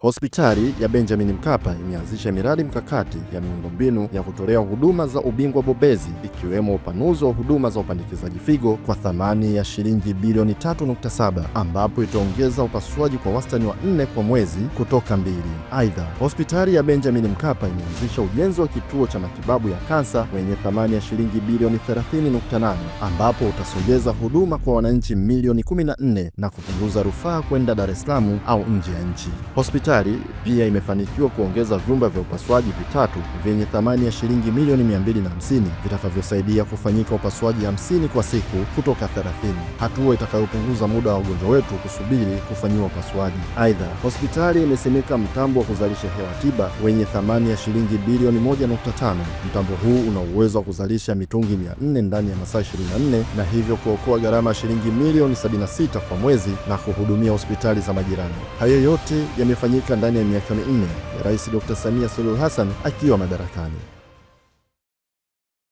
Hospitali ya Benjamin Mkapa imeanzisha miradi mkakati ya miundombinu ya kutolea huduma za ubingwa bobezi ikiwemo upanuzi wa huduma za upandikizaji figo kwa thamani ya shilingi bilioni 3.7 ambapo itaongeza upasuaji kwa wastani wa nne kwa mwezi kutoka mbili. Aidha, hospitali ya Benjamin Mkapa imeanzisha ujenzi wa kituo cha matibabu ya kansa wenye thamani ya shilingi bilioni 30.8 ambapo utasogeza huduma kwa wananchi milioni 14 na kupunguza rufaa kwenda Dar es Salaam au nje ya nchi. Hospitali pia imefanikiwa kuongeza vyumba vya upasuaji vitatu vyenye thamani ya shilingi milioni 250 vitakavyosaidia kufanyika upasuaji 50 kwa siku kutoka 30, hatua itakayopunguza muda wa wagonjwa wetu kusubiri kufanyiwa upasuaji. Aidha, hospitali imesimika mtambo wa kuzalisha hewa tiba wenye thamani ya shilingi bilioni 1.5. Mtambo huu una uwezo wa kuzalisha mitungi 400 ndani ya masaa 24 na hivyo kuokoa gharama ya shilingi milioni 76 kwa mwezi na kuhudumia hospitali za majirani. Hayo yote yamefanyika kufanyika ndani ya miaka minne, ya Rais Dr. Samia Suluhu Hassan akiwa madarakani.